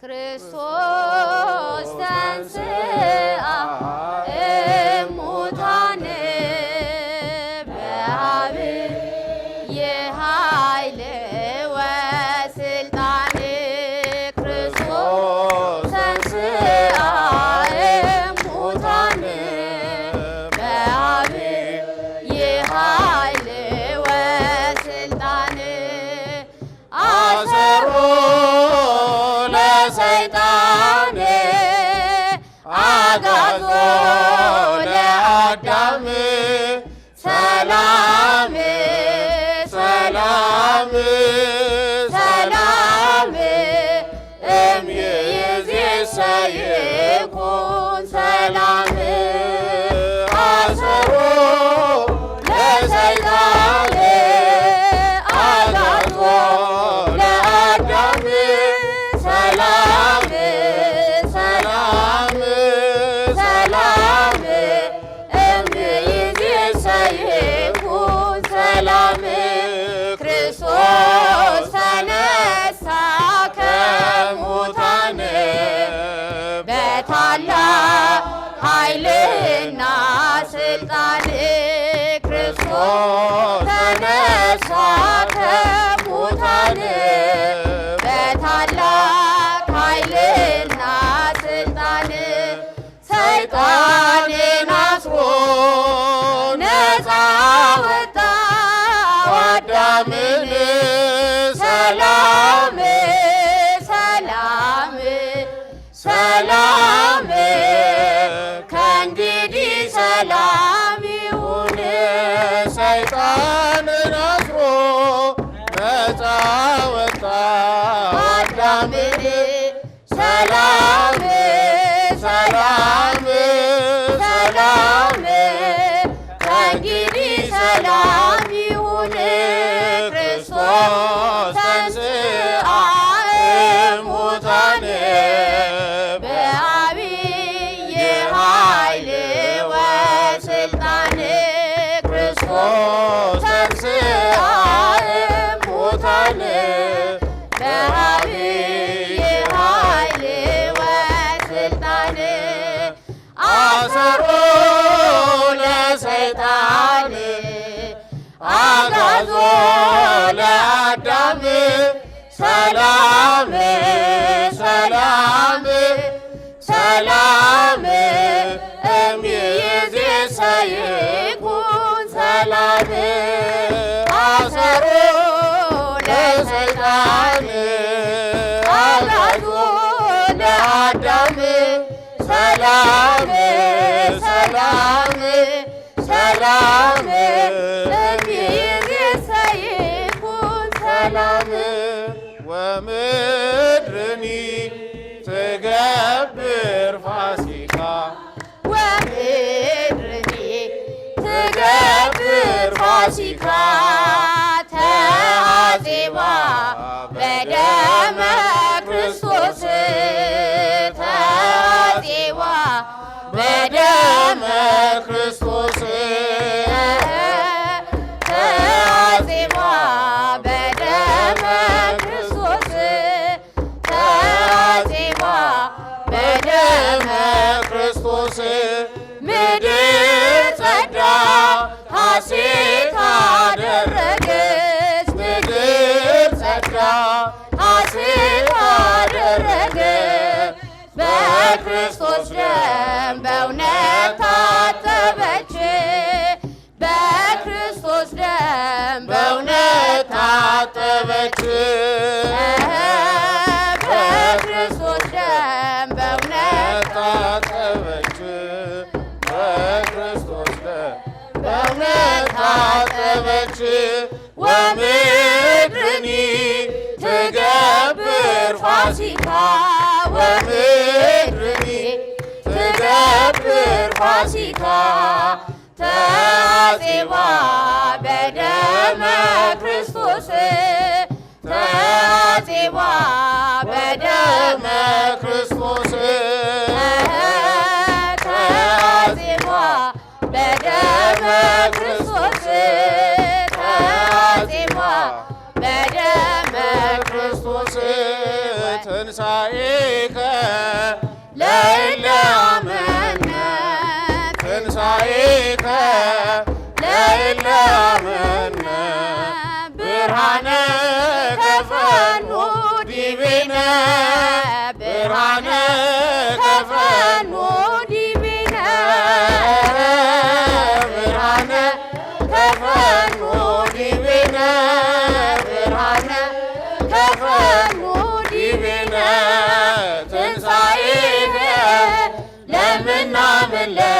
그리스도 산세 ለሰይጣን አጋዞ ለአዳም ሰላም ሰላም ሰላም እምይእዜሰ ይኩን ሰላም ኃይልና ስልጣን ክርስቶስ ተነሳ ከሙታን በታላቅ ኃይልና ስልጣን ሰይጣን 아멘. ተሰሮ ለሰይጣን አጋዞ ለአዳም ሰላም ሰላም ሰላም ሰላም ለሰይጣን አጋዞ ለአዳም ሰላም ሰላም ሰይኩን ሰላም ወምድርኒ ትገብር ፋሲካ ወምድርኒ ትገብር ፋሲካ በደመ ክርስቶስ በደመ ክርስቶስ በክርስቶስ ደም በእውነት ታጠበች፣ በክርስቶስ ደም በእውነት ታጠበች፣ በክርስቶስ ደም ወምድርኒ ትገብር ፋሲካ ወምድር ትገብር ፋሲካ ተአፄባ በደመ ክርስቶስ በደመ ክርስቶስ ክርስቶስ በደመ ክርስቶስ ትንሣኤከ and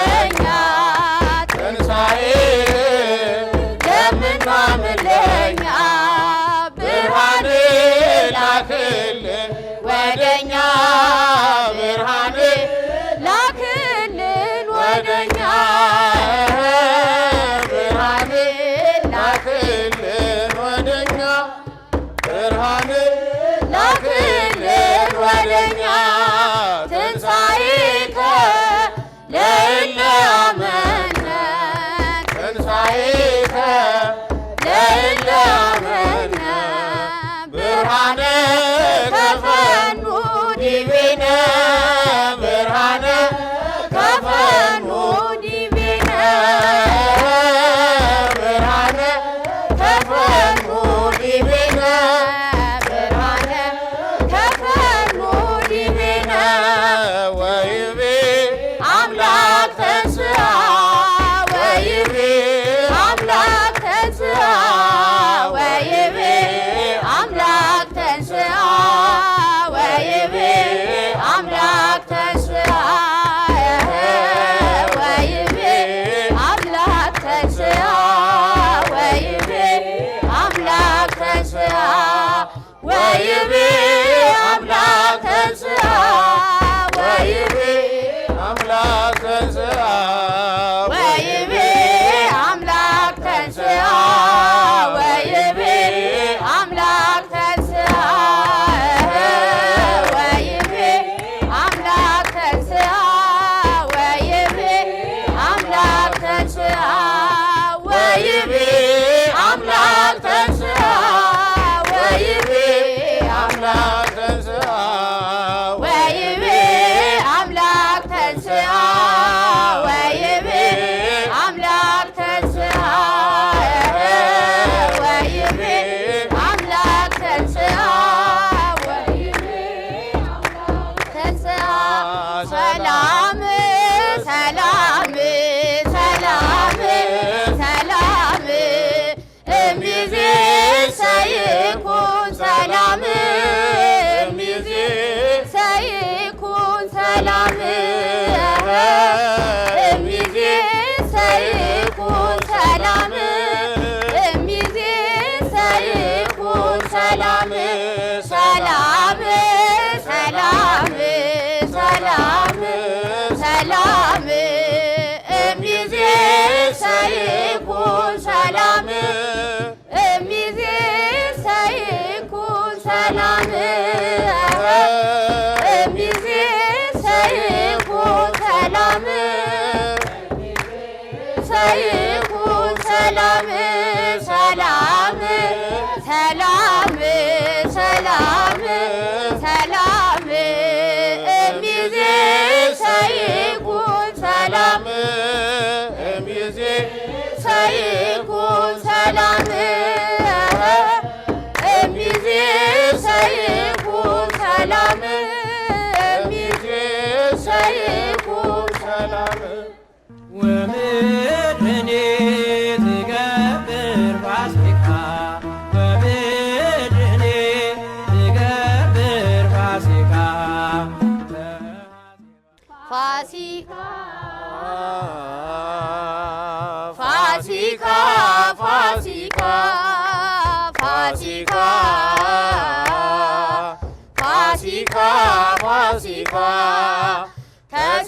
Where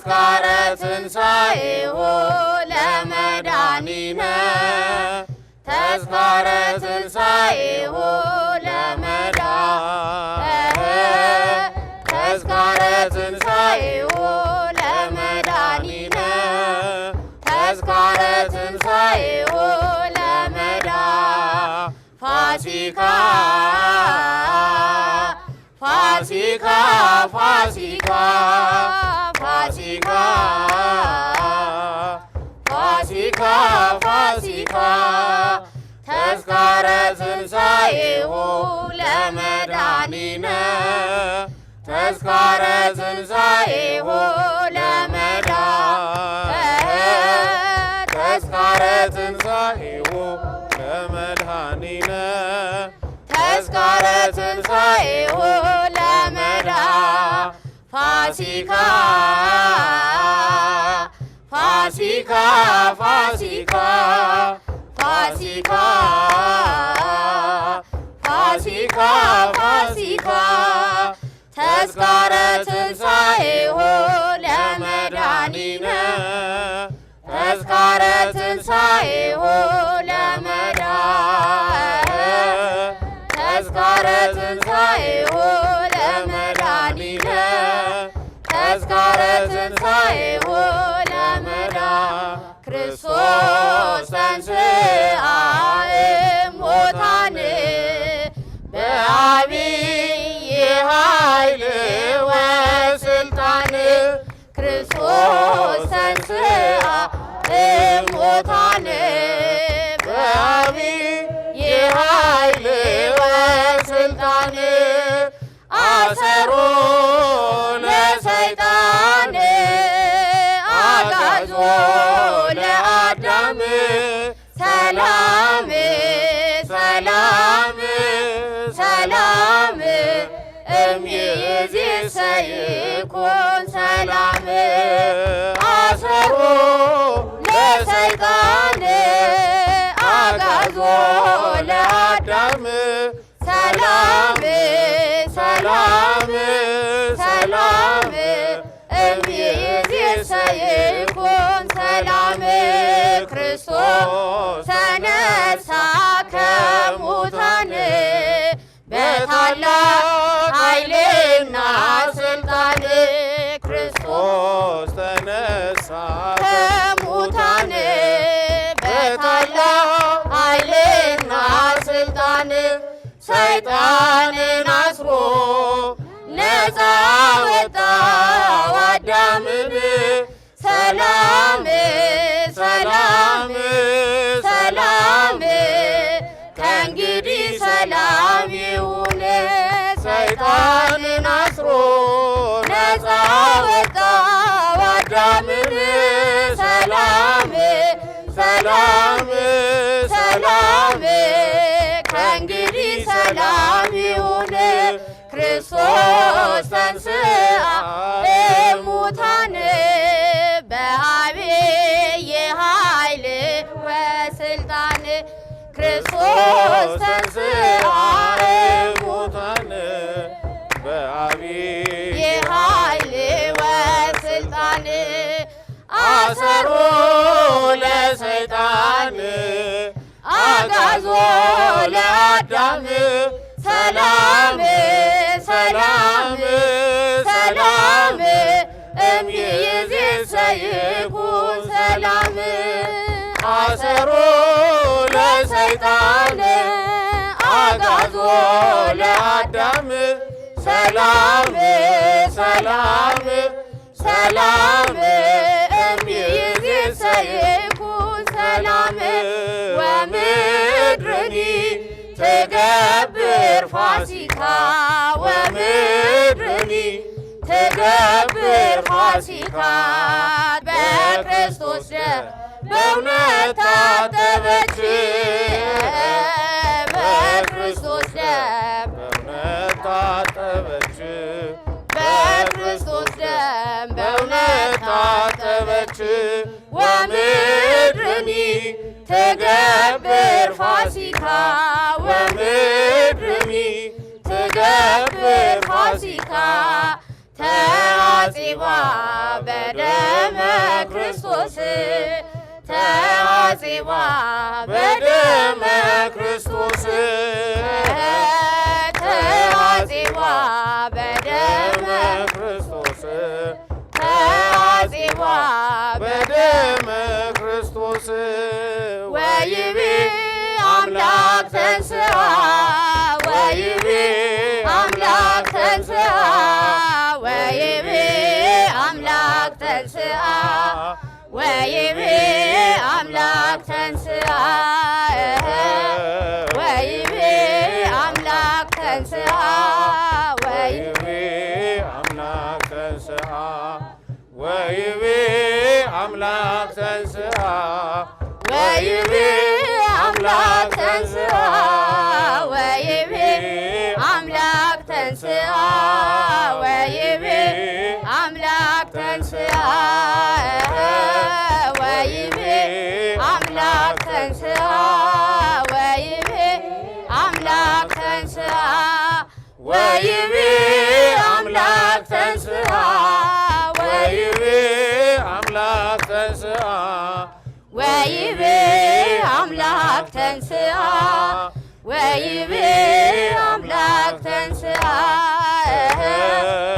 ሰካረ ትንሣኤሁ ለመድኃኒነ ተስካረ ትንሣኤሁ ለመዳ ተስካረ ትንሣኤሁ ለመድኃኒነ ተስካረ ትንሣኤሁ ለመዳ ፋሲካ ፋሲካ ፋሲካ ፋሲካ ፋሲካ ፋሲካ ተስካረ ትንሣኤሁ ለመድኃኒነ ተስካረ ትንሣኤሁ ለመዳ ተስካረ ትንሣኤሁ ለመድኃኒነ ተስካረ ትንሣኤሁ ለመዳ 파시카 파시카 파시카 파시카 파시카 파시카 ተስካረ ትንሣኤሁ ለመድኃኒነ ተስካረ ትንሣኤሁ ለመድኃ ተስካረ ትንሣኤሁ ለመድኃኒነ ተስካረ ትንሣኤሁ ለመዳ ክርስቶስ ተንሥአ እሙታን በዐቢይ ኃይል ክርስቶስ ተንሥአ እሙታን በዐቢይ ኃይል አሰሮ ለሰይጣን አጋዞ ለአዳም ሰላም ሰላም ሰላም እምይእዜሰ ሰላም አሰሮ ለሰይጣን አጋዞ ለአዳም selamı, selamı, selamı Emniyiz Hüseyin kun selamı Kristus Sene sakem utanı Betalla haylinna sultanı Kristus Sene sakem utanı Betalla haylinna sultanı ሰይጣንን አስሮ ነፃ ወጣው አዳምን ሰላም ሰላም ሰላም ከእንግዲህ ሰላም ይሁን። ሰይጣንን አስሮ ነፃ ወጣው አዳምን ሰላም ሰላም ሰንስአ እሙታን በአብይ ኃይል ወስልጣን ክርስቶስ ተንስአ እሙታን በአብይ ኃይል ወስልጣን አሰሮ ለሰይጣን አጋዞ ለአዳም ሰላም ሰላም ሰላም እምይእዜሰይኩን ሰላም አሰሮ ለሰይጣን አጋዞ ለአዳም ሰላም ሰላም ሰላም እምይእዜሰይኩን ሰላም ወምድርኒ ትገብር ፋሲካ ወምድርኒ ትገብር ፋሲካ በክርስቶስ ደም በእውነት ታጠበች በክርስቶስ ደም በእውነት ታጠበች በክርስቶስ ደም በእውነት ታጠበች ወምድርኒ ትገብር ወምድርሚ ትገብር ፋሲካ ተአጺባ በደመ ክርስቶስ ተአጺባ በደመ ክርስቶስ ተስአ ወይቤ አምላክ ተስአ ወይቤ አምላክ ተንስአ ወይቤ አምላክ ተንስአ ወይቤ አምላክ ተንስአ ወይቤ አምላክ ተንስአ ወይቤ አምላክ ተንስአ ወይቤ አምላክ ተንስአ ወይቤ አምላክ ተንስአ ወይቤ አምላክ ተንስአ อ